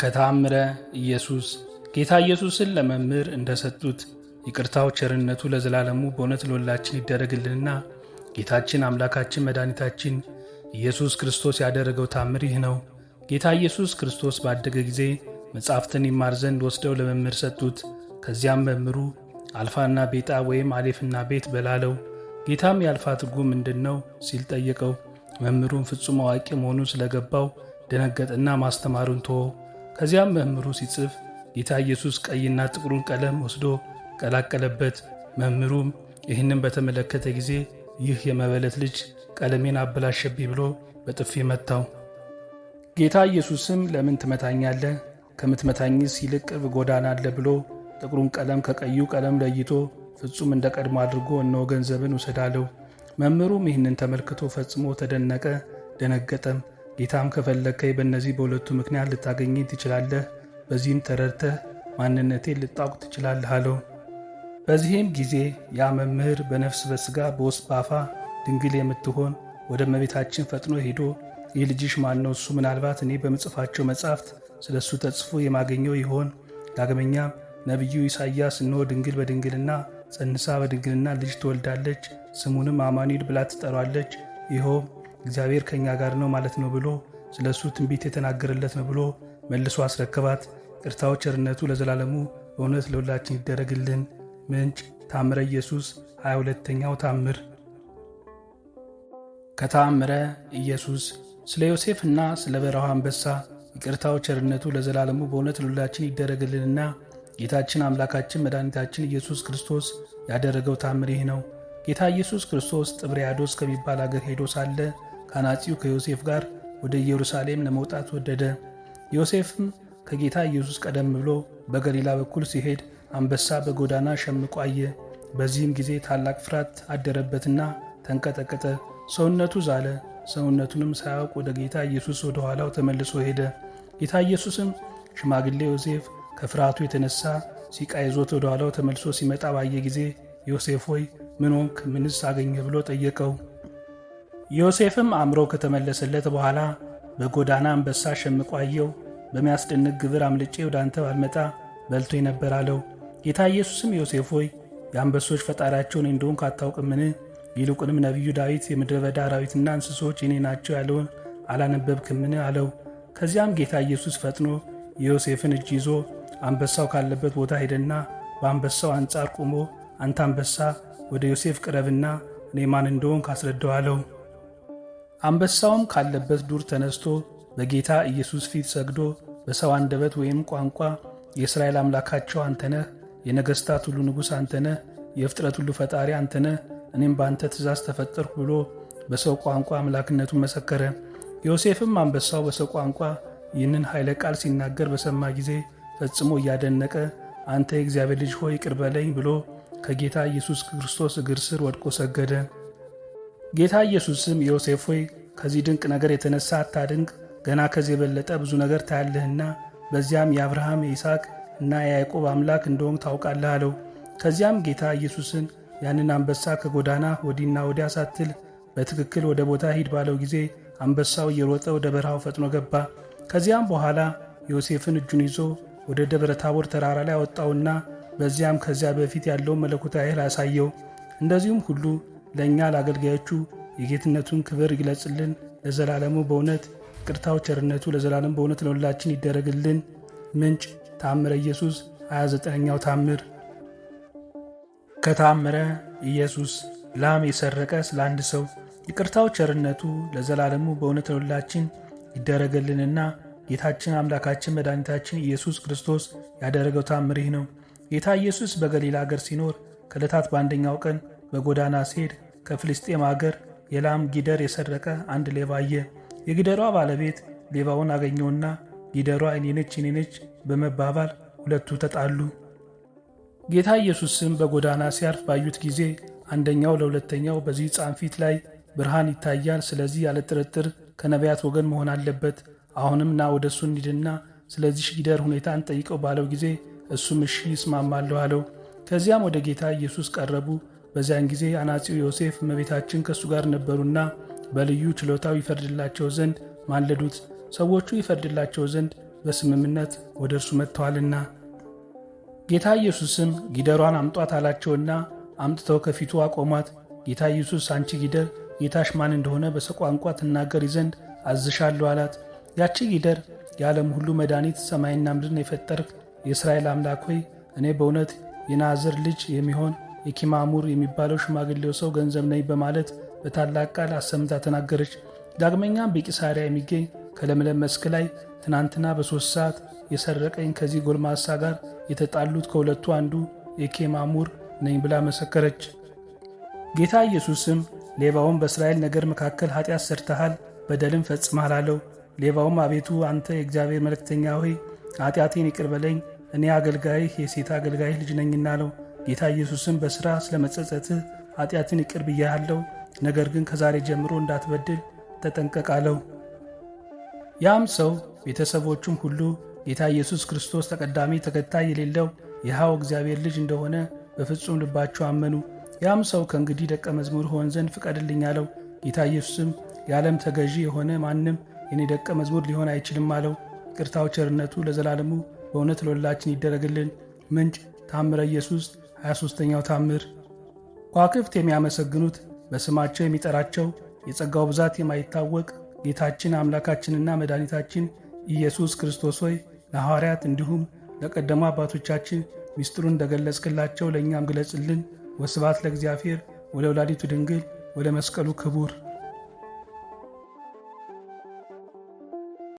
ከታምረ ኢየሱስ ጌታ ኢየሱስን ለመምህር እንደሰጡት ይቅርታው ቸርነቱ ለዘላለሙ በእውነት ለሁላችን ይደረግልንና ጌታችን አምላካችን መድኃኒታችን ኢየሱስ ክርስቶስ ያደረገው ታምር ይህ ነው። ጌታ ኢየሱስ ክርስቶስ ባደገ ጊዜ መጻሕፍትን ይማር ዘንድ ወስደው ለመምህር ሰጡት። ከዚያም መምህሩ አልፋና ቤጣ ወይም አሌፍና ቤት በላለው። ጌታም የአልፋ ትርጉም ምንድን ነው ሲል ጠየቀው። መምህሩም ፍጹም አዋቂ መሆኑን ስለገባው ደነገጠና ማስተማሩን ተወ። ከዚያም መምህሩ ሲጽፍ ጌታ ኢየሱስ ቀይና ጥቁሩን ቀለም ወስዶ ቀላቀለበት። መምህሩም ይህንም በተመለከተ ጊዜ ይህ የመበለት ልጅ ቀለሜን አበላሸብኝ ብሎ በጥፊ መታው። ጌታ ኢየሱስም ለምን ትመታኛለህ? ከምትመታኝስ ይልቅ ቅርብ ጎዳና አለ ብሎ ጥቁሩን ቀለም ከቀዩ ቀለም ለይቶ ፍጹም እንደ ቀድሞ አድርጎ እነሆ ገንዘብን ውሰዳለሁ መምህሩም ይህንን ተመልክቶ ፈጽሞ ተደነቀ፣ ደነገጠም። ጌታም ከፈለግከኝ በእነዚህ በሁለቱ ምክንያት ልታገኘኝ ትችላለህ፣ በዚህም ተረድተህ ማንነቴን ልታውቅ ትችላለህ አለው። በዚህም ጊዜ ያ መምህር በነፍስ በሥጋ በውስጥ ባፋ ድንግል የምትሆን ወደ እመቤታችን ፈጥኖ ሄዶ ይህ ልጅሽ ማን ነው? እሱ ምናልባት እኔ በምጽፋቸው መጻሕፍት ስለ እሱ ተጽፎ የማገኘው ይሆን? ዳግመኛም ነቢዩ ኢሳይያስ እንሆ ድንግል በድንግልና ጸንሳ በድንግልና ልጅ ትወልዳለች፣ ስሙንም አማኑኤል ብላ ትጠሯለች፣ ይኸውም እግዚአብሔር ከእኛ ጋር ነው ማለት ነው ብሎ ስለ እሱ ትንቢት የተናገረለት ነው ብሎ መልሶ አስረከባት። ቅርታው ቸርነቱ ለዘላለሙ በእውነት ለሁላችን ይደረግልን። ምንጭ ታምረ ኢየሱስ 22 ተኛው ታምር። ከታምረ ኢየሱስ ስለ ዮሴፍና ስለ በረሃ አንበሳ ይቅርታው ቸርነቱ ለዘላለሙ በእውነት ለሁላችን ይደረግልንና ጌታችን አምላካችን መድኃኒታችን ኢየሱስ ክርስቶስ ያደረገው ታምር ይህ ነው። ጌታ ኢየሱስ ክርስቶስ ጥብርያዶስ ከሚባል አገር ሄዶ ሳለ ከአናጺው ከዮሴፍ ጋር ወደ ኢየሩሳሌም ለመውጣት ወደደ። ዮሴፍም ከጌታ ኢየሱስ ቀደም ብሎ በገሊላ በኩል ሲሄድ አንበሳ በጎዳና ሸምቆ አየ። በዚህም ጊዜ ታላቅ ፍርሃት አደረበትና ተንቀጠቀጠ፣ ሰውነቱ ዛለ። ሰውነቱንም ሳያውቅ ወደ ጌታ ኢየሱስ ወደ ኋላው ተመልሶ ሄደ። ጌታ ኢየሱስም ሽማግሌ ዮሴፍ ከፍርሃቱ የተነሳ ሲቃ ይዞት ወደ ኋላው ተመልሶ ሲመጣ ባየ ጊዜ ዮሴፍ ሆይ ምን ሆንክ? ምንስ አገኘ? ብሎ ጠየቀው። ዮሴፍም አእምሮ ከተመለሰለት በኋላ በጎዳና አንበሳ ሸምቋየው በሚያስደንቅ ግብር አምልጬ ወደ አንተ ባልመጣ በልቶ ነበር አለው። ጌታ ኢየሱስም ዮሴፍ ሆይ የአንበሶች ፈጣሪያቸውን እንደሆንክ ካታውቅምን? ይልቁንም ነቢዩ ዳዊት የምድረ በዳ አራዊትና እንስሶች እኔ ናቸው ያለውን አላነበብክምን? አለው። ከዚያም ጌታ ኢየሱስ ፈጥኖ የዮሴፍን እጅ ይዞ አንበሳው ካለበት ቦታ ሄደና በአንበሳው አንጻር ቆሞ አንተ አንበሳ ወደ ዮሴፍ ቅረብና እኔ ማን እንደሆን አስረዳዋለሁ። አንበሳውም ካለበት ዱር ተነስቶ በጌታ ኢየሱስ ፊት ሰግዶ በሰው አንደበት ወይም ቋንቋ የእስራኤል አምላካቸው አንተነህ የነገሥታት ሁሉ ንጉሥ አንተነህ የፍጥረት ሁሉ ፈጣሪ አንተነህ እኔም በአንተ ትእዛዝ ተፈጠርሁ ብሎ በሰው ቋንቋ አምላክነቱን መሰከረ። ዮሴፍም አንበሳው በሰው ቋንቋ ይህንን ኃይለ ቃል ሲናገር በሰማ ጊዜ ፈጽሞ እያደነቀ አንተ የእግዚአብሔር ልጅ ሆይ ቅርበለኝ ብሎ ከጌታ ኢየሱስ ክርስቶስ እግር ስር ወድቆ ሰገደ። ጌታ ኢየሱስም ዮሴፍ ሆይ ከዚህ ድንቅ ነገር የተነሳ አታድንቅ፣ ገና ከዚህ የበለጠ ብዙ ነገር ታያለህና በዚያም የአብርሃም የይስሐቅ እና የያዕቆብ አምላክ እንደሆንክ ታውቃለህ አለው። ከዚያም ጌታ ኢየሱስን ያንን አንበሳ ከጎዳና ወዲና ወዲያ ሳትል በትክክል ወደ ቦታ ሂድ ባለው ጊዜ አንበሳው እየሮጠ ወደ በረሃው ፈጥኖ ገባ። ከዚያም በኋላ ዮሴፍን እጁን ይዞ ወደ ደብረ ታቦር ተራራ ላይ አወጣውና በዚያም ከዚያ በፊት ያለውን መለኮታዊ ኃይል አሳየው። እንደዚሁም ሁሉ ለእኛ ለአገልጋዮቹ የጌትነቱን ክብር ይግለጽልን ለዘላለሙ በእውነት ቅርታው ቸርነቱ ለዘላለም በእውነት ለሁላችን ይደረግልን። ምንጭ ታምረ ኢየሱስ 29ኛው ታምር ከታምረ ኢየሱስ ላም የሰረቀ ስለ አንድ ሰው ይቅርታው ቸርነቱ ለዘላለሙ በእውነት ለሁላችን ይደረግልንና ጌታችን አምላካችን መድኃኒታችን ኢየሱስ ክርስቶስ ያደረገው ታምር ይህ ነው። ጌታ ኢየሱስ በገሊላ አገር ሲኖር ከዕለታት በአንደኛው ቀን በጎዳና ሲሄድ ከፍልስጤም አገር የላም ጊደር የሰረቀ አንድ ሌባ አየ። የጊደሯ ባለቤት ሌባውን አገኘውና ጊደሯ እኔነች እኔነች በመባባል ሁለቱ ተጣሉ። ጌታ ኢየሱስም በጎዳና ሲያርፍ ባዩት ጊዜ አንደኛው ለሁለተኛው በዚህ ሕፃን ፊት ላይ ብርሃን ይታያል፣ ስለዚህ ያለ ጥርጥር ከነቢያት ወገን መሆን አለበት፣ አሁንም ና ወደ እሱ እንሂድና ስለዚህ ጊደር ሁኔታ እንጠይቀው ባለው ጊዜ እሱም እሺ ይስማማለሁ አለው። ከዚያም ወደ ጌታ ኢየሱስ ቀረቡ። በዚያን ጊዜ አናጺው ዮሴፍ እመቤታችን ከእሱ ጋር ነበሩና በልዩ ችሎታው ይፈርድላቸው ዘንድ ማለዱት። ሰዎቹ ይፈርድላቸው ዘንድ በስምምነት ወደ እርሱ መጥተዋልና። ጌታ ኢየሱስም ጊደሯን አምጧት አላቸውና አምጥተው ከፊቱ አቆሟት። ጌታ ኢየሱስ አንቺ ጊደር ጌታሽ ማን እንደሆነ በሰቋንቋ ትናገሪ ዘንድ አዝሻለሁ አላት። ያቺ ጊደር የዓለም ሁሉ መድኃኒት ሰማይና ምድርን የፈጠርክ የእስራኤል አምላክ ሆይ እኔ በእውነት የናዝር ልጅ የሚሆን የኪማሙር የሚባለው ሽማግሌው ሰው ገንዘብ ነኝ በማለት በታላቅ ቃል አሰምታ ተናገረች። ዳግመኛም በቂሳሪያ የሚገኝ ከለምለም መስክ ላይ ትናንትና በሦስት ሰዓት የሰረቀኝ ከዚህ ጎልማሳ ጋር የተጣሉት ከሁለቱ አንዱ የኬማሙር ነኝ ብላ መሰከረች። ጌታ ኢየሱስም ሌባውን በእስራኤል ነገር መካከል ኃጢአት ሰርተሃል፣ በደልም ፈጽመሃል አለው። ሌባውም አቤቱ አንተ የእግዚአብሔር መልእክተኛ ሆይ ኃጢአቴን ይቅር በለኝ እኔ አገልጋይህ የሴት አገልጋይህ ልጅ ነኝና አለው። ጌታ ኢየሱስን በሥራ መጸጸትህ ኃጢአትን ይቅር ብያሃለው፣ ነገር ግን ከዛሬ ጀምሮ እንዳትበድል ተጠንቀቃለሁ። ያም ሰው ቤተሰቦቹም ሁሉ ጌታ ኢየሱስ ክርስቶስ ተቀዳሚ ተከታይ የሌለው የሕያው እግዚአብሔር ልጅ እንደሆነ በፍጹም ልባቸው አመኑ። ያም ሰው ከእንግዲህ ደቀ መዝሙር ሆን ዘንድ ፍቀድልኝ አለው። ጌታ ኢየሱስም የዓለም ተገዢ የሆነ ማንም የኔ ደቀ መዝሙር ሊሆን አይችልም አለው። ቅርታው ቸርነቱ ለዘላለሙ በእውነት ለሁላችን ይደረግልን። ምንጭ ታምረ ኢየሱስ 23ኛው ታምር ከዋክብት የሚያመሰግኑት በስማቸው የሚጠራቸው የጸጋው ብዛት የማይታወቅ ጌታችን አምላካችንና መድኃኒታችን ኢየሱስ ክርስቶስ ሆይ ለሐዋርያት እንዲሁም ለቀደሙ አባቶቻችን ሚስጥሩን እንደገለጽክላቸው ለእኛም ግለጽልን። ወስባት ለእግዚአብሔር ወለ ወላዲቱ ድንግል ወለ መስቀሉ ክቡር